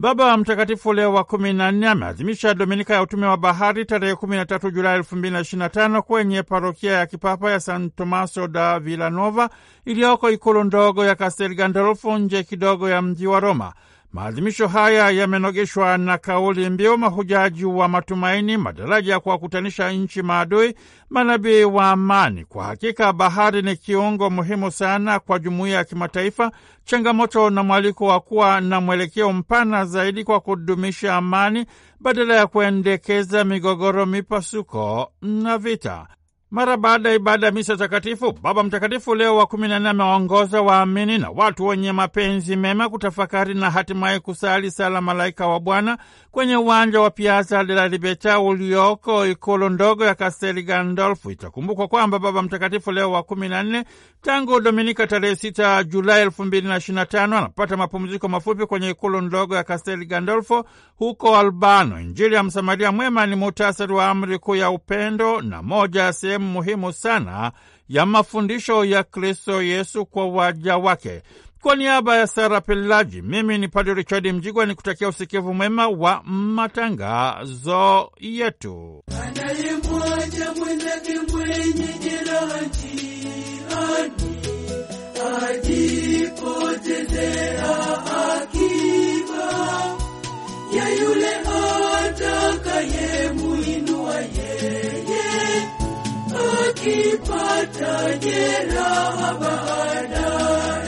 Baba Mtakatifu Leo wa kumi na nne ameadhimisha Dominika ya utume wa bahari tarehe kumi na tatu Julai elfu mbili na na tano kwenye parokia ya kipapa ya San Tomaso da Villanova iliyoko ikulu ndogo ya Kastel Gandolfo nje kidogo ya mji wa Roma. Maadhimisho haya yamenogeshwa na kauli mbiu mahujaji wa matumaini, madaraja ya kuwakutanisha nchi maadui, manabii wa amani. Kwa hakika bahari ni kiungo muhimu sana kwa jumuiya ya kimataifa, changamoto na mwaliko wa kuwa na mwelekeo mpana zaidi kwa kudumisha amani badala ya kuendekeza migogoro, mipasuko na vita. Mara baada ya ibada ya misa takatifu, Baba Mtakatifu Leo wa kumi na nne amewaongoza waamini na watu wenye mapenzi mema kutafakari na hatimaye kusali sala Malaika wa Bwana kwenye uwanja wa Piazza della Libertà ulioko ikulu ndogo ya Castel Gandolfo. Itakumbukwa kwamba Baba Mtakatifu Leo wa kumi na nne tangu Dominika tarehe sita Julai elfu mbili na ishirini na tano anapata mapumziko mafupi kwenye ikulu ndogo ya Castel Gandolfo huko Albano. Injili ya Msamaria Mwema ni muhtasari wa amri kuu ya upendo na moja ya sehemu muhimu sana ya mafundisho ya Kristo Yesu kwa waja wake. Kwa niaba ya Sara Pelaji, mimi ni Padre Richard Mjigwa ni kutakia usikivu mwema wa matangazo yetu. Anayemwacha ajipotezea akiba ya yule Ukipata jeraha baadaye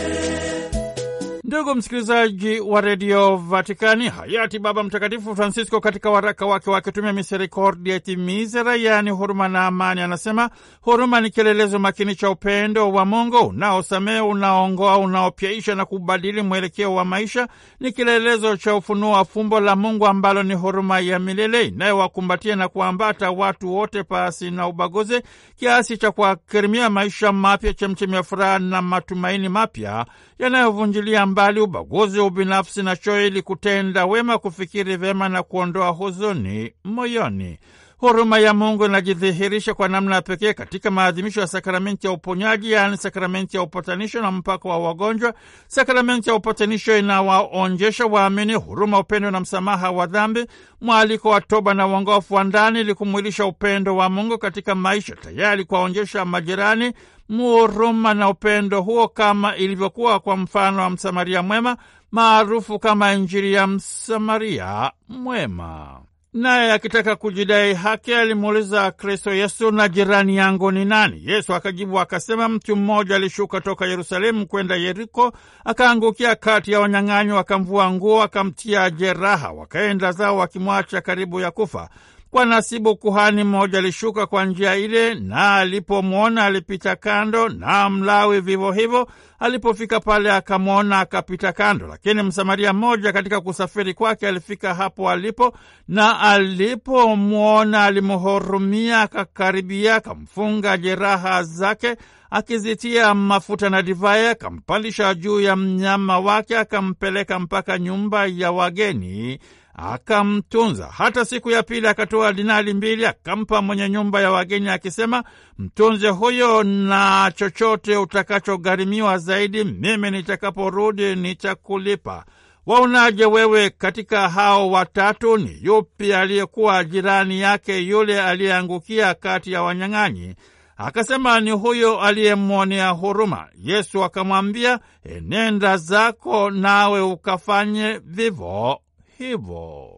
Ndugu msikilizaji wa redio Vatikani, hayati Baba Mtakatifu Francisco katika waraka wake wakitumia Misericordia et Misera, yaani huruma na amani, anasema huruma ni kielelezo makini cha upendo wa Mungu unaosamehe, unaongoa, unaopyaisha na kubadili mwelekeo wa maisha. Ni kielelezo cha ufunuo wa fumbo la Mungu ambalo ni huruma ya milele inayowakumbatia na kuambata watu wote pasi na ubaguzi, kiasi cha kuwakirimia maisha mapya, chemchemi ya furaha na matumaini mapya yanayovunjilia kukubali ubaguzi, ubinafsi na choo, ili kutenda wema, kufikiri vyema na kuondoa huzuni moyoni. Huruma ya Mungu inajidhihirisha kwa namna ya pekee katika maadhimisho ya sakramenti ya uponyaji, yaani sakramenti ya upatanisho na mpaka wa wagonjwa. Sakramenti ya upatanisho inawaonjesha waamini huruma, upendo na msamaha wa dhambi, mwaliko wa toba na uongofu wa ndani, ili kumwilisha upendo wa Mungu katika maisha, tayari kuwaonjesha majirani muruma na upendo huo, kama ilivyokuwa kwa mfano wa Msamaria mwema maarufu kama Injili ya Msamaria mwema. Naye akitaka kujidai haki alimuuliza Kristo Yesu, na jirani yangu ni nani? Yesu akajibu akasema, mtu mmoja alishuka toka Yerusalemu kwenda Yeriko, akaangukia kati ya wanyang'anyi, wakamvua nguo, akamtia jeraha, wakaenda zao wakimwacha karibu ya kufa. Kwa nasibu kuhani mmoja alishuka kwa njia ile, na alipomwona alipita kando, na Mlawi vivyo hivyo. Alipofika pale akamwona akapita kando. Lakini Msamaria mmoja katika kusafiri kwake alifika hapo alipo, na alipomwona alimhurumia, akakaribia, akamfunga jeraha zake akizitia mafuta na divai, akampandisha juu ya mnyama wake, akampeleka mpaka nyumba ya wageni akamtunza. Hata siku ya pili akatoa dinari mbili akampa mwenye nyumba ya wageni akisema, mtunze huyo na chochote utakachogharimiwa zaidi, mimi nitakaporudi nitakulipa. Waonaje wewe katika hao watatu, ni yupi aliyekuwa jirani yake yule aliyeangukia kati ya wanyang'anyi? Akasema, ni huyo aliyemwonea huruma. Yesu akamwambia, enenda zako nawe ukafanye vivyo hivyo.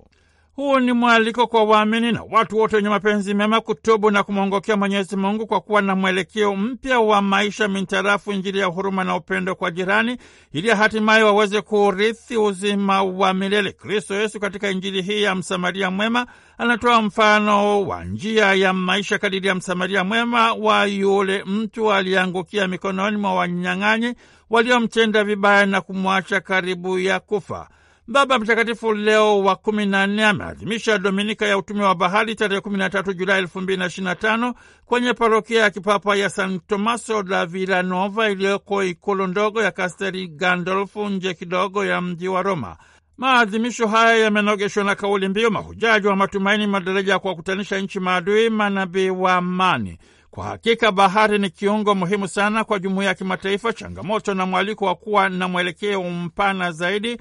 Huu ni mwaliko kwa waamini na watu wote wenye mapenzi mema kutubu na kumwongokea Mwenyezi Mungu kwa kuwa na mwelekeo mpya wa maisha mintarafu Injili ya huruma na upendo kwa jirani, ili hatimaye waweze kuurithi uzima wa milele. Kristo Yesu katika Injili hii ya Msamaria mwema anatoa mfano wa njia ya maisha kadiri ya msamaria mwema wa yule mtu aliyeangukia mikononi mwa wanyang'anyi waliomtenda vibaya na kumwacha karibu ya kufa. Baba Mtakatifu Leo wa kumi na nne ameadhimisha Dominika ya utume wa bahari tarehe 13 Julai elfu mbili na na tano kwenye parokia ya kipapa ya San Tomaso da Villanova iliyoko ikulu ndogo ya Kasteri Gandolfu nje kidogo ya mji wa Roma. Maadhimisho haya yamenogeshwa na kauli mbiu mahujaji wa matumaini, madaraja ya kuwakutanisha nchi maadui, manabii wa amani. Kwa hakika bahari ni kiungo muhimu sana kwa jumuiya ya kimataifa, changamoto na mwaliko wa kuwa na mwelekeo mpana zaidi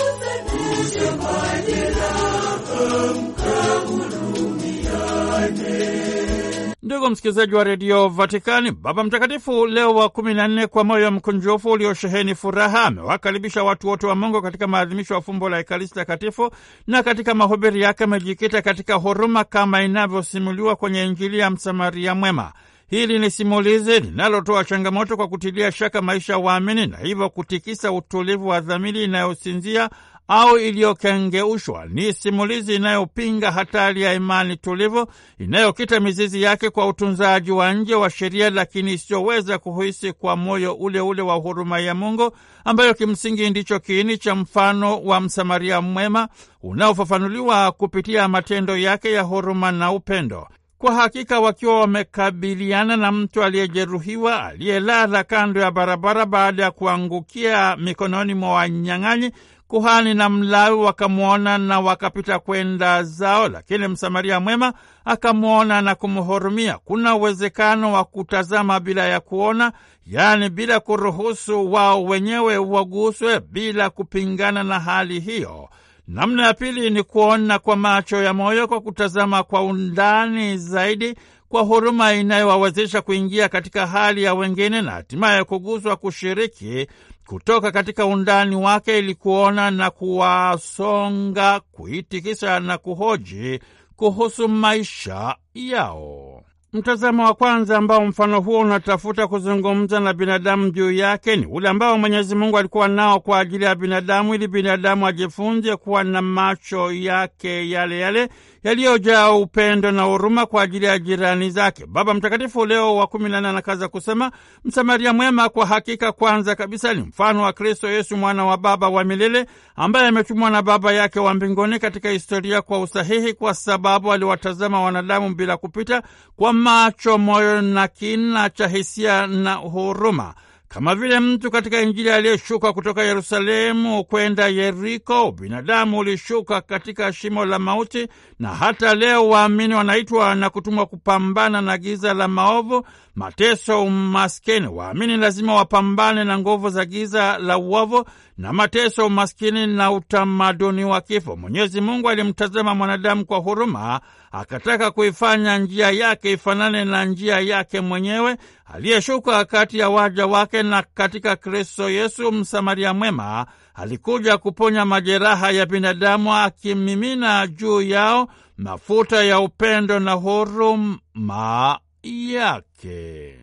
Ndugu msikilizaji wa redio Vatikani, Baba Mtakatifu Leo wa kumi na nne, kwa moyo mkunjufu uliosheheni furaha, amewakaribisha watu wote wa Mungu katika maadhimisho ya fumbo la Ekaristi Takatifu, na katika mahubiri yake amejikita katika huruma kama inavyosimuliwa kwenye Injili ya Msamaria Mwema. Hili ni simulizi linalotoa changamoto kwa kutilia shaka maisha ya waamini na hivyo kutikisa utulivu wa dhamiri inayosinzia au iliyokengeushwa. Ni simulizi inayopinga hatari ya imani tulivu inayokita mizizi yake kwa utunzaji wa nje wa sheria, lakini isiyoweza kuhisi kwa moyo ule ule wa huruma ya Mungu, ambayo kimsingi ndicho kiini cha mfano wa Msamaria mwema unaofafanuliwa kupitia matendo yake ya huruma na upendo. Kwa hakika wakiwa wamekabiliana na mtu aliyejeruhiwa aliyelala kando ya barabara baada ya kuangukia mikononi mwa wanyang'anyi, kuhani na Mlawi wakamwona na wakapita kwenda zao, lakini Msamaria mwema akamwona na kumhurumia. Kuna uwezekano wa kutazama bila ya kuona, yaani bila kuruhusu wao wenyewe waguswe, bila kupingana na hali hiyo. Namna ya pili ni kuona kwa macho ya moyo, kwa kutazama kwa undani zaidi, kwa huruma inayowawezesha kuingia katika hali ya wengine na hatimaye kuguswa, kushiriki kutoka katika undani wake ili kuona na kuwasonga, kuitikisa na kuhoji kuhusu maisha yao. Mtazamo wa kwanza ambao mfano huo unatafuta kuzungumza na binadamu juu yake ni ule ambao Mwenyezi Mungu alikuwa nao kwa ajili ya binadamu, ili binadamu ajifunze kuwa na macho yake yale yale yaliyojaa upendo na huruma kwa ajili ya jirani zake. Baba Mtakatifu Leo wa kumi na nane anakaza kusema, Msamaria mwema kwa hakika, kwanza kabisa ni mfano wa Kristo Yesu, mwana wa Baba wa milele, ambaye ametumwa na Baba yake wa mbinguni katika historia kwa usahihi, kwa sababu aliwatazama wanadamu bila kupita, kwa macho, moyo na kina cha hisia na huruma. Kama vile mtu katika Injili aliyeshuka kutoka Yerusalemu kwenda Yeriko, ubinadamu ulishuka katika shimo la mauti, na hata leo waamini wanaitwa na kutumwa kupambana na giza la maovu mateso, umaskini. Waamini lazima wapambane na nguvu za giza la uovu na mateso, umaskini na utamaduni wa kifo. Mwenyezi Mungu alimtazama mwanadamu kwa huruma, akataka kuifanya njia yake ifanane na njia yake mwenyewe aliyeshuka kati ya waja wake, na katika Kristo Yesu msamaria mwema alikuja kuponya majeraha ya binadamu, akimimina juu yao mafuta ya upendo na huruma yake.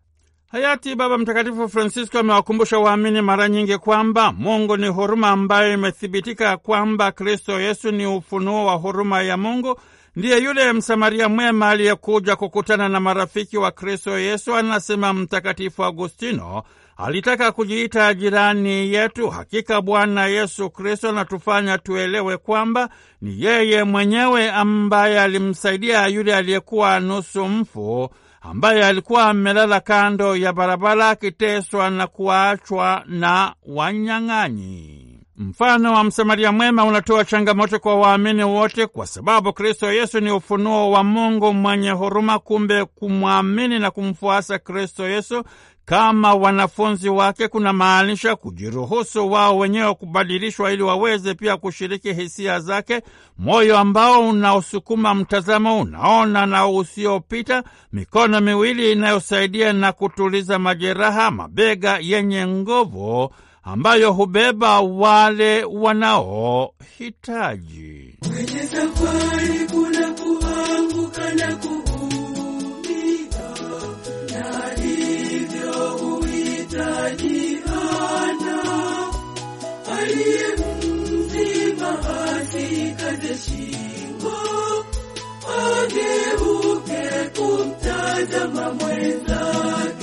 Hayati Baba Mtakatifu Francisco amewakumbusha waamini mara nyingi kwamba Mungu ni huruma, ambayo imethibitika kwamba Kristo Yesu ni ufunuo wa huruma ya Mungu. Ndiye yule Msamaria mwema aliyekuja kukutana na marafiki wa Kristo Yesu. Anasema Mtakatifu Agustino, alitaka kujiita jirani yetu. Hakika Bwana Yesu Kristo anatufanya tuelewe kwamba ni yeye mwenyewe ambaye alimsaidia yule aliyekuwa nusu mfu ambaye alikuwa amelala kando ya barabara akiteswa na kuachwa na wanyang'anyi. Mfano wa msamaria mwema unatoa changamoto kwa waamini wote, kwa sababu Kristo Yesu ni ufunuo wa Mungu mwenye huruma. Kumbe kumwamini na kumfuasa Kristo Yesu kama wanafunzi wake, kuna maanisha kujiruhusu wao wenyewe kubadilishwa ili waweze pia kushiriki hisia zake, moyo ambao unaosukuma mtazamo unaona na usiopita, mikono miwili inayosaidia na kutuliza majeraha, mabega yenye nguvu ambayo hubeba wale wanaohitaji. Ugeuke kumtazama mwenzako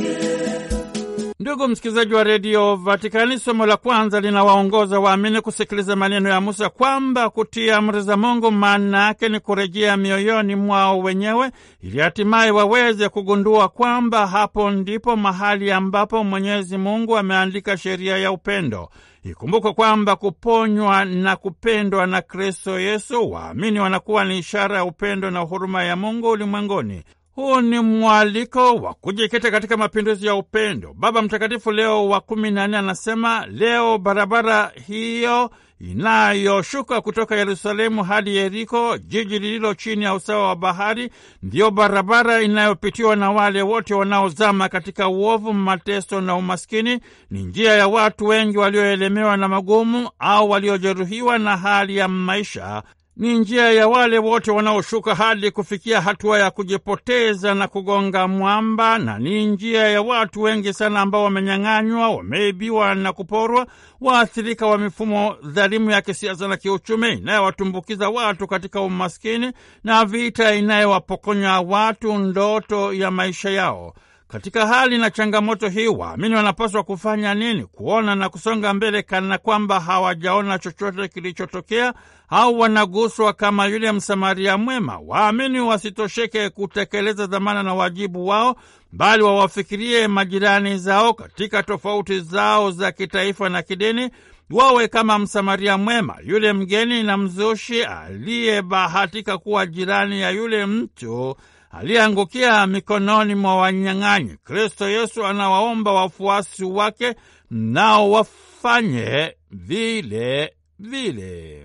Ndugu msikilizaji wa redio Vatikani, somo la kwanza linawaongoza waamini kusikiliza maneno ya Musa kwamba kutia amri za Mungu maana yake ni kurejea mioyoni mwao wenyewe, ili hatimaye waweze kugundua kwamba hapo ndipo mahali ambapo Mwenyezi Mungu ameandika sheria ya upendo. Ikumbukwe kwamba kuponywa na kupendwa na Kristo Yesu, waamini wanakuwa ni ishara ya upendo na huruma ya Mungu ulimwenguni. Huu ni mwaliko wa kujikita katika mapinduzi ya upendo. Baba Mtakatifu Leo wa kumi na nne anasema leo barabara hiyo inayoshuka kutoka Yerusalemu hadi Yeriko, jiji lililo chini ya usawa wa bahari, ndiyo barabara inayopitiwa na wale wote wanaozama katika uovu, mateso na umaskini. Ni njia ya watu wengi walioelemewa na magumu au waliojeruhiwa na hali ya maisha ni njia ya wale wote wanaoshuka hadi kufikia hatua ya kujipoteza na kugonga mwamba, na ni njia ya watu wengi sana ambao wamenyang'anywa, wameibiwa na kuporwa, waathirika wa mifumo dhalimu ya kisiasa na kiuchumi inayowatumbukiza watu katika umaskini na vita inayowapokonya watu ndoto ya maisha yao. Katika hali na changamoto hii, waamini wanapaswa kufanya nini? Kuona na kusonga mbele kana kwamba hawajaona chochote kilichotokea au wanaguswa kama yule msamaria mwema. Waamini wasitosheke kutekeleza dhamana na wajibu wao, bali wawafikirie majirani zao katika tofauti zao za kitaifa na kidini wawe kama msamaria mwema, yule mgeni na mzushi aliyebahatika kuwa jirani ya yule mtu aliyeangukia mikononi mwa wanyang'anyi. Kristo Yesu anawaomba wafuasi wake nao wafanye vile vile.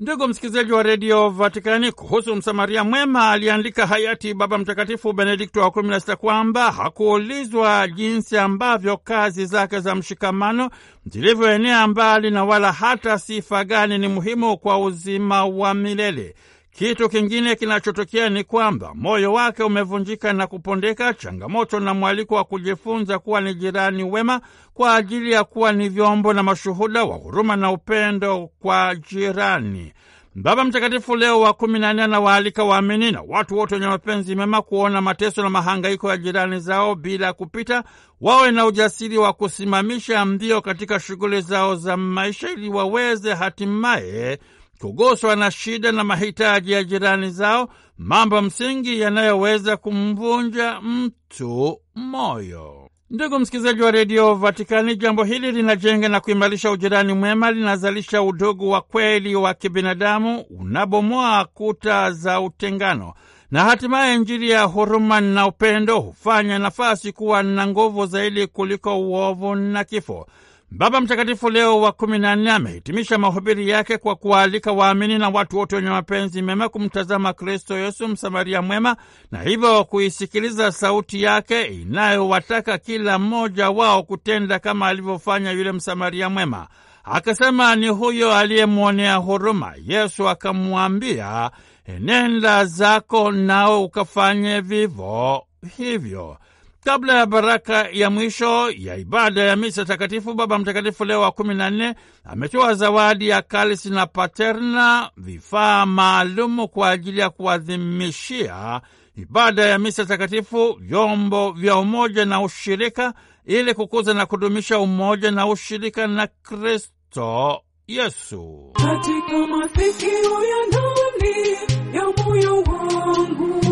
Ndugu msikilizaji wa redio Vatikani, kuhusu msamaria mwema aliandika hayati Baba Mtakatifu Benedikto wa kumi na sita kwamba hakuulizwa jinsi ambavyo kazi zake za mshikamano zilivyoenea mbali na wala hata sifa gani ni muhimu kwa uzima wa milele. Kitu kingine kinachotokea ni kwamba moyo wake umevunjika na kupondeka, changamoto na mwaliko wa kujifunza kuwa ni jirani wema kwa ajili ya kuwa ni vyombo na mashuhuda wa huruma na upendo kwa jirani. Baba Mtakatifu Leo wa kumi na nne anawaalika waamini na watu wote wenye mapenzi mema kuona mateso na mahangaiko ya jirani zao bila kupita, wawe na ujasiri wa kusimamisha mbio katika shughuli zao za maisha ili waweze hatimaye kuguswa na shida na mahitaji ya jirani zao, mambo msingi yanayoweza kumvunja mtu moyo. Ndugu msikilizaji wa redio Vatikani, jambo hili linajenga na kuimarisha ujirani mwema, linazalisha udugu wa kweli wa kibinadamu, unabomoa kuta za utengano, na hatimaye Injili ya huruma na upendo hufanya nafasi kuwa na nguvu zaidi kuliko uovu na kifo. Baba Mtakatifu Leo wa kumi na nne amehitimisha mahubiri yake kwa kuwaalika waamini na watu wote wenye mapenzi mema kumtazama Kristo Yesu msamaria mwema, na hivyo kuisikiliza sauti yake inayowataka kila mmoja wao kutenda kama alivyofanya yule msamaria mwema. Akasema ni huyo aliyemwonea huruma. Yesu akamwambia, enenda zako, nao ukafanye vivo hivyo. Kabla ya baraka ya mwisho ya ibada ya misa takatifu, Baba Mtakatifu Leo wa kumi na nne ametoa zawadi ya kalisi na paterna, vifaa maalumu kwa ajili ya kuadhimishia ibada ya misa takatifu, vyombo vya umoja na ushirika, ili kukuza na kudumisha umoja na ushirika na Kristo Yesu katika mafikio ya ndani ya moyo wangu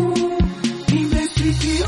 nimesikia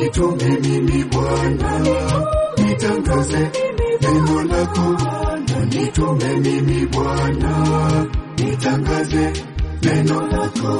Nitume mimi Bwana, nitangaze neno lako nitume mimi Bwana, nitangaze neno lako.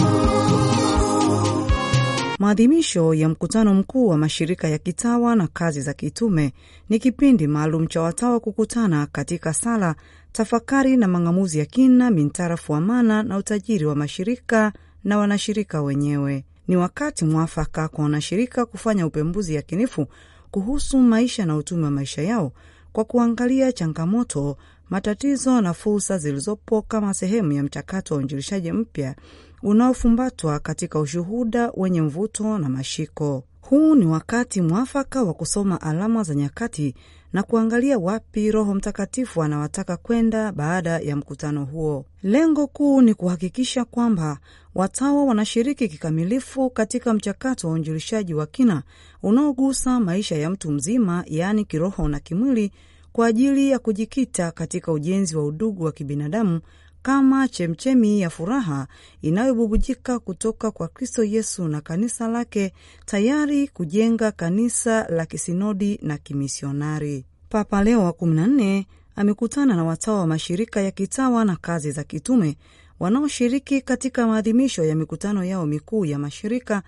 Maadhimisho ya mkutano mkuu wa mashirika ya kitawa na kazi za kitume ni kipindi maalum cha watawa kukutana katika sala, tafakari na mang'amuzi ya kina mintarafu amana na utajiri wa mashirika na wanashirika wenyewe ni wakati mwafaka kwa wanashirika kufanya upembuzi yakinifu kuhusu maisha na utumi wa maisha yao kwa kuangalia changamoto, matatizo na fursa zilizopo kama sehemu ya mchakato wa uinjilishaji mpya unaofumbatwa katika ushuhuda wenye mvuto na mashiko. Huu ni wakati mwafaka wa kusoma alama za nyakati na kuangalia wapi Roho Mtakatifu anawataka kwenda baada ya mkutano huo. Lengo kuu ni kuhakikisha kwamba watawa wanashiriki kikamilifu katika mchakato wa uinjilishaji wa kina unaogusa maisha ya mtu mzima, yaani kiroho na kimwili, kwa ajili ya kujikita katika ujenzi wa udugu wa kibinadamu kama chemchemi ya furaha inayobubujika kutoka kwa Kristo Yesu na kanisa lake tayari kujenga kanisa la kisinodi na kimisionari. Papa Leo wa 14 amekutana na watawa wa mashirika ya kitawa na kazi za kitume wanaoshiriki katika maadhimisho ya mikutano yao mikuu ya mashirika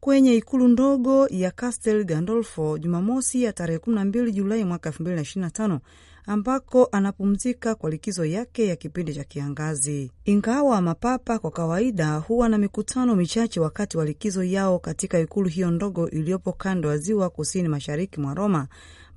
kwenye ikulu ndogo ya Castel Gandolfo Jumamosi ya tarehe 12 Julai mwaka 2025 ambako anapumzika kwa likizo yake ya kipindi cha kiangazi. Ingawa mapapa kwa kawaida huwa na mikutano michache wakati wa likizo yao katika ikulu hiyo ndogo iliyopo kando ya ziwa kusini mashariki mwa Roma,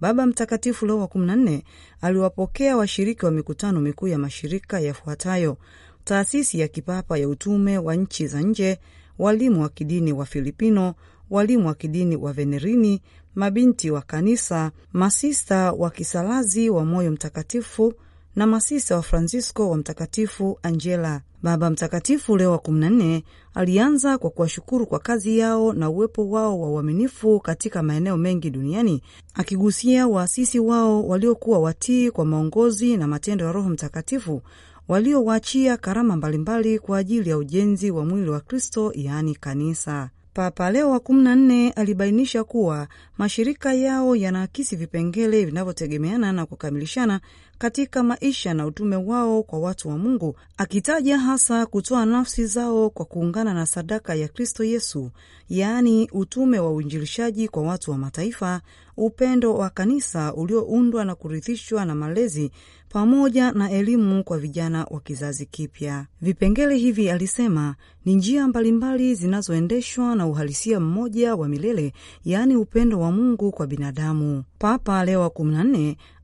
Baba Mtakatifu Leo wa 14 aliwapokea washiriki wa mikutano mikuu ya mashirika yafuatayo: taasisi ya kipapa ya utume wa nchi za nje, walimu wa kidini wa Filipino, walimu wa kidini wa Venerini, mabinti wa kanisa, masista wa kisalazi wa moyo mtakatifu na masista wa Francisco wa Mtakatifu Angela. Baba Mtakatifu Leo wa 14 alianza kwa kuwashukuru kwa kazi yao na uwepo wao wa uaminifu katika maeneo mengi duniani, akigusia waasisi wao waliokuwa watii kwa maongozi na matendo ya Roho Mtakatifu, waliowaachia karama mbalimbali kwa ajili ya ujenzi wa mwili wa Kristo, yaani kanisa. Papa Leo wa kumi na nne alibainisha kuwa mashirika yao yanaakisi vipengele vinavyotegemeana na kukamilishana katika maisha na utume wao kwa watu wa Mungu, akitaja hasa kutoa nafsi zao kwa kuungana na sadaka ya Kristo Yesu, yaani utume wa uinjilishaji kwa watu wa mataifa, upendo wa kanisa ulioundwa na kurithishwa na malezi pamoja na elimu kwa vijana wa kizazi kipya. Vipengele hivi, alisema, ni njia mbalimbali zinazoendeshwa na uhalisia mmoja wa milele, yaani upendo wa Mungu kwa binadamu. Papa Leo wa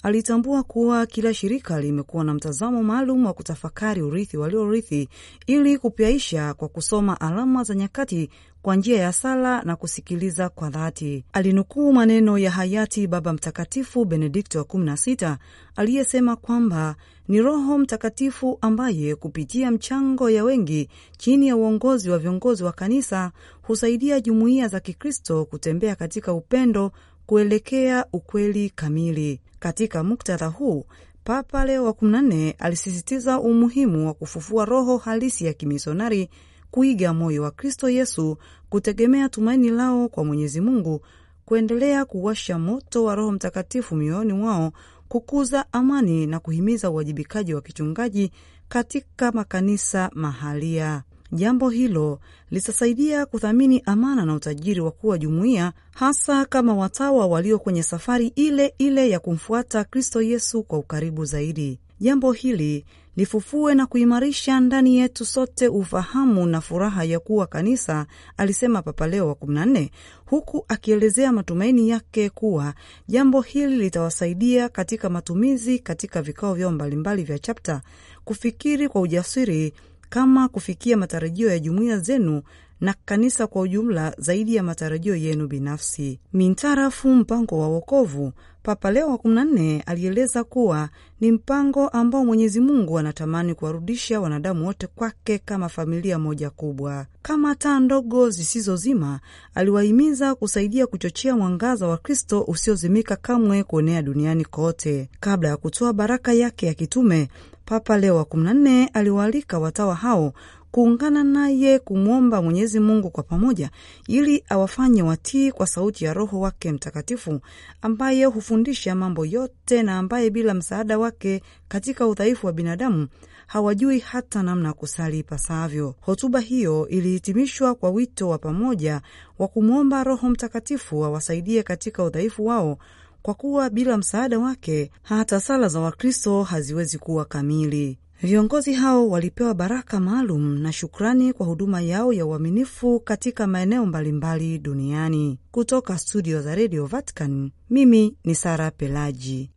Alitambua kuwa kila shirika limekuwa na mtazamo maalum wa kutafakari urithi waliorithi ili kupyaisha kwa kusoma alama za nyakati kwa njia ya sala na kusikiliza kwa dhati. Alinukuu maneno ya hayati Baba Mtakatifu Benedikto wa 16 aliyesema kwamba ni Roho Mtakatifu ambaye kupitia mchango ya wengi chini ya uongozi wa viongozi wa kanisa husaidia jumuiya za Kikristo kutembea katika upendo kuelekea ukweli kamili. Katika muktadha huu, Papa Leo wa 14 alisisitiza umuhimu wa kufufua roho halisi ya kimisionari, kuiga moyo wa Kristo Yesu, kutegemea tumaini lao kwa Mwenyezi Mungu, kuendelea kuwasha moto wa Roho Mtakatifu mioyoni mwao, kukuza amani na kuhimiza uwajibikaji wa kichungaji katika makanisa mahalia. Jambo hilo litasaidia kuthamini amana na utajiri wa kuwa jumuiya, hasa kama watawa walio kwenye safari ile ile ya kumfuata Kristo Yesu kwa ukaribu zaidi. Jambo hili lifufue na kuimarisha ndani yetu sote ufahamu na furaha ya kuwa kanisa, alisema Papa Leo wa 14, huku akielezea matumaini yake kuwa jambo hili litawasaidia katika matumizi katika vikao vyao mbalimbali vya chapta kufikiri kwa ujasiri kama kufikia matarajio ya jumuiya zenu na kanisa kwa ujumla zaidi ya matarajio yenu binafsi. Mintarafu mpango wa wokovu, Papa Leo wa 14 alieleza kuwa ni mpango ambao Mwenyezi Mungu anatamani kuwarudisha wanadamu wote kwake kama familia moja kubwa, kama taa ndogo zisizozima. Aliwahimiza kusaidia kuchochea mwangaza wa Kristo usiozimika kamwe kuenea duniani kote. Kabla ya kutoa baraka yake ya kitume, Papa Leo wa 14 aliwaalika watawa hao kuungana naye kumwomba Mwenyezi Mungu kwa pamoja ili awafanye watii kwa sauti ya Roho wake Mtakatifu ambaye hufundisha mambo yote na ambaye bila msaada wake katika udhaifu wa binadamu hawajui hata namna ya kusali ipasavyo. Hotuba hiyo ilihitimishwa kwa wito wa pamoja wa kumwomba Roho Mtakatifu awasaidie katika udhaifu wao kwa kuwa bila msaada wake hata sala za Wakristo haziwezi kuwa kamili. Viongozi hao walipewa baraka maalum na shukrani kwa huduma yao ya uaminifu katika maeneo mbalimbali duniani. Kutoka studio za redio Vatican, mimi ni Sara Pelaji.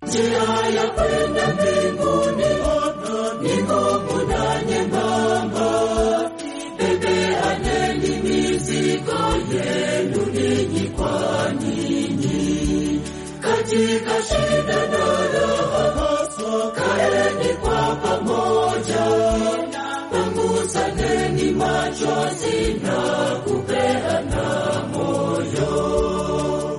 machozi na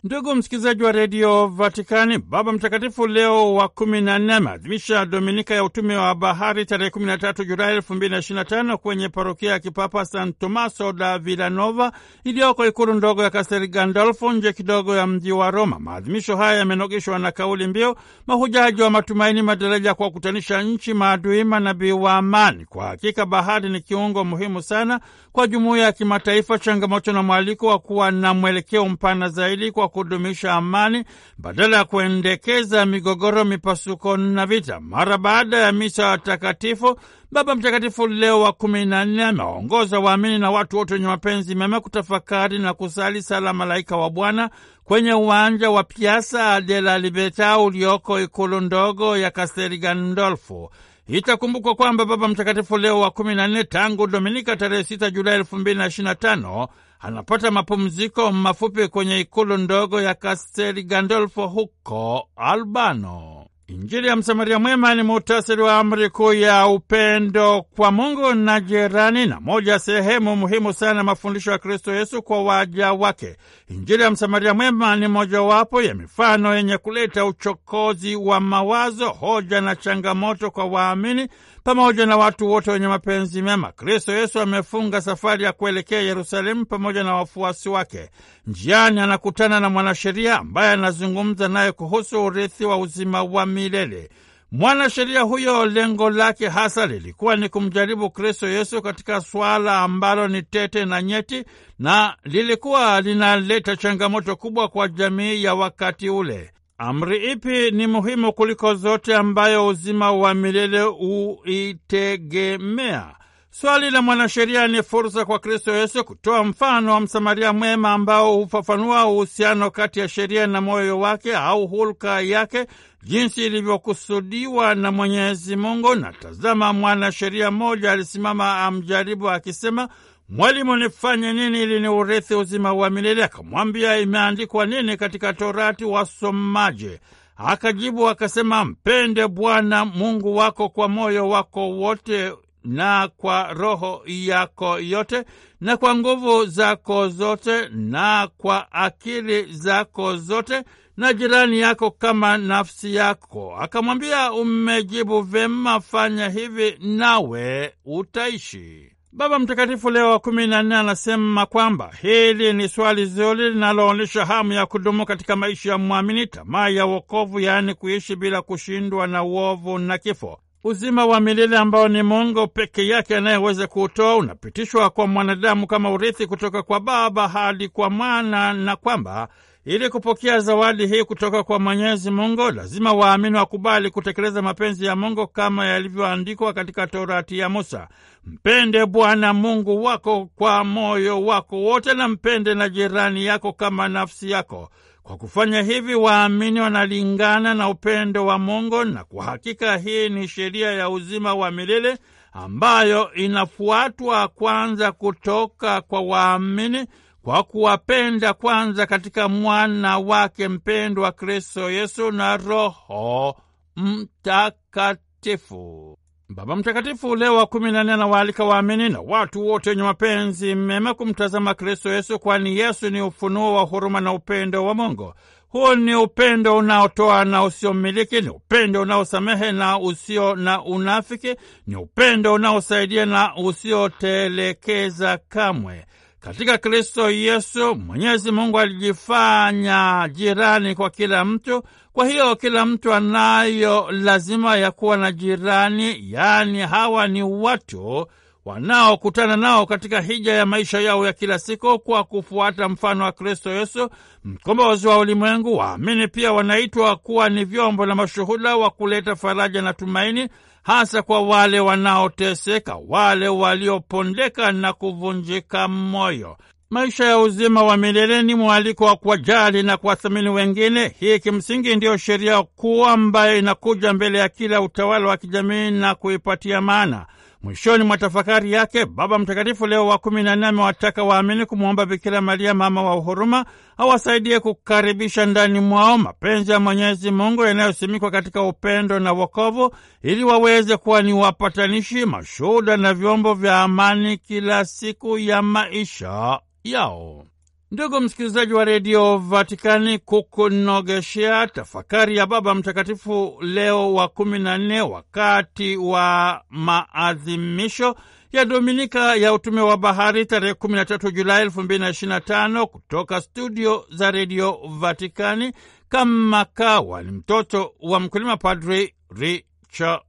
Ndugu msikilizaji wa redio Vatikani, Baba Mtakatifu Leo wa kumi na nne ameadhimisha Dominika ya utume wa bahari tarehe 13 Julai 2025 kwenye parokia ya kipapa San Tomaso da Villanova iliyoko ikulu ndogo ya Castel Gandolfo, nje kidogo ya mji wa Roma. Maadhimisho haya yamenogeshwa na kauli mbiu mahujaji wa matumaini, madaraja kwa kutanisha nchi, maadui, manabii wa amani. Kwa hakika bahari ni kiungo muhimu sana kwa jumuiya ya kimataifa changamoto na mwaliko wa kuwa na mwelekeo mpana zaidi kwa kudumisha amani badala ya kuendekeza migogoro, mipasuko na vita. Mara baada ya misa ya takatifu, Baba Mtakatifu Leo wa kumi na nne amewaongoza waamini na watu wote wenye mapenzi mema kutafakari na kusali sala Malaika wa Bwana kwenye uwanja wa Piazza della Libertà ulioko ikulu ndogo ya Castel Gandolfo. Itakumbukwa kwamba Baba Mtakatifu Leo wa 14 tangu Dominika tarehe 6 Julai 2025 anapata mapumziko mafupi kwenye ikulu ndogo ya Kastel Gandolfo huko Albano. Injili ya Msamaria Mwema ni muhtasari wa amri kuu ya upendo kwa Mungu na jirani, na moja sehemu muhimu sana mafundisho ya Kristo Yesu kwa waja wake. Injili ya Msamaria Mwema ni mojawapo ya mifano yenye kuleta uchokozi wa mawazo, hoja na changamoto kwa waamini pamoja na watu wote wenye mapenzi mema. Kristo Yesu amefunga safari ya kuelekea Yerusalemu pamoja na wafuasi wake. Njiani anakutana na mwanasheria ambaye anazungumza naye kuhusu urithi wa uzima wa milele. Mwanasheria huyo lengo lake hasa lilikuwa ni kumjaribu Kristo Yesu katika swala ambalo ni tete na nyeti na lilikuwa linaleta changamoto kubwa kwa jamii ya wakati ule. Amri ipi ni muhimu kuliko zote ambayo uzima wa milele uitegemea? Swali la mwanasheria ni fursa kwa Kristo Yesu kutoa mfano wa Msamaria mwema ambao hufafanua uhusiano kati ya sheria na moyo wake au hulka yake jinsi ilivyokusudiwa na Mwenyezi Mungu. Na tazama, mwanasheria mmoja alisimama amjaribu akisema Mwalimu, nifanye nini ili ni urithi uzima wa milele? Akamwambia, imeandikwa nini katika Torati, wasomaje? Akajibu akasema, mpende Bwana Mungu wako kwa moyo wako wote na kwa roho yako yote na kwa nguvu zako zote na kwa akili zako zote, na jirani yako kama nafsi yako. Akamwambia, umejibu vema, fanya hivi nawe utaishi. Baba Mtakatifu Leo wa kumi na nne anasema kwamba hili ni swali zuri linaloonyesha hamu ya kudumu katika maisha ya mwamini, tamaa ya wokovu, yaani kuishi bila kushindwa na uovu na kifo. Uzima wa milele ambao ni Mungu peke yake anayeweza kuutoa unapitishwa kwa mwanadamu kama urithi kutoka kwa Baba hadi kwa Mwana, na kwamba ili kupokea zawadi hii kutoka kwa Mwenyezi Mungu, lazima waamini wakubali kutekeleza mapenzi ya Mungu kama yalivyoandikwa katika Torati ya Musa: mpende Bwana Mungu wako kwa moyo wako wote na mpende na jirani yako kama nafsi yako. Kwa kufanya hivi, waamini wanalingana na upendo wa Mungu, na kwa hakika hii ni sheria ya uzima wa milele ambayo inafuatwa kwanza kutoka kwa waamini kwa kuwapenda kwanza katika mwana wake mpendwa Kristo Yesu na Roho Mtakatifu. Baba Mtakatifu Leo wa kumi na nne anawaalika waamini na watu wote wenye mapenzi mema kumtazama Kristo Yesu, kwani Yesu ni ufunuo wa huruma na upendo wa Mungu. Huu ni upendo unaotoa na usiomiliki, ni upendo unaosamehe na usio na unafiki, ni upendo unaosaidia na usiotelekeza kamwe. Katika Kristo Yesu Mwenyezi Mungu alijifanya jirani kwa kila mtu. Kwa hiyo kila mtu anayo lazima ya kuwa na jirani, yaani hawa ni watu wanaokutana nao katika hija ya maisha yao ya kila siku. Kwa kufuata mfano wa Kristo Yesu, mkombozi wa ulimwengu, waamini pia wanaitwa kuwa ni vyombo na mashuhuda wa kuleta faraja na tumaini hasa kwa wale wanaoteseka, wale waliopondeka na kuvunjika moyo. Maisha ya uzima wa milele ni mwaliko wa kuwajali na kuwathamini wengine. Hii kimsingi ndiyo sheria kuu ambayo inakuja mbele ya kila utawala wa kijamii na kuipatia maana. Mwishoni mwa tafakari yake, Baba Mtakatifu Leo wa kumi na nne amewataka waamini kumwomba Bikira Maria, mama wa uhuruma, awasaidie kukaribisha ndani mwao mapenzi ya Mwenyezi Mungu yanayosimikwa katika upendo na wokovu, ili waweze kuwa ni wapatanishi, mashuhuda na vyombo vya amani kila siku ya maisha yao. Ndugu msikilizaji wa redio Vatikani, kukunogeshea tafakari ya Baba Mtakatifu Leo wa kumi na nne wakati wa maadhimisho ya Dominika ya utume wa bahari tarehe 13 Julai tano kutoka studio za redio Vatikani. Kama kawa ni mtoto wa mkulima, Padri Richard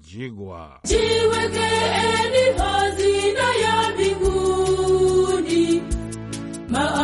Mjigwa. Jiwekeeni hazina ما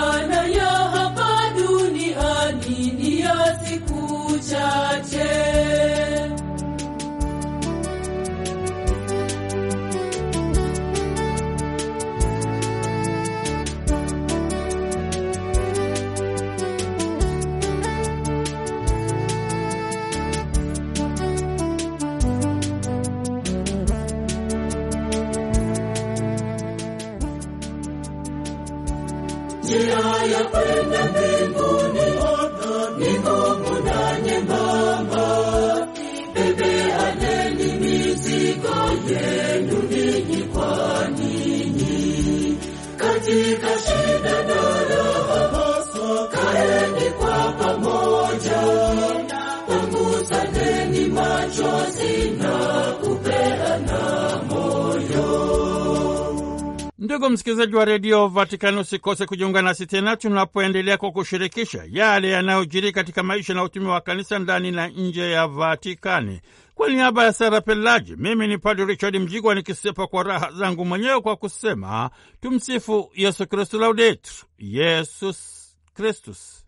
Ndugu msikilizaji wa redio Vatikani, usikose kujiunga nasi tena tunapoendelea kwa kushirikisha yale yanayojiri katika maisha na utumi wa kanisa ndani na nje ya Vatikani. Kwa niaba ya Sara Pelaji, mimi ni Padre Richard Mjigwa nikisepa kwa raha zangu mwenyewe kwa kusema tumsifu Yesu Kristu, laudetur Yesus Kristus.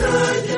Good.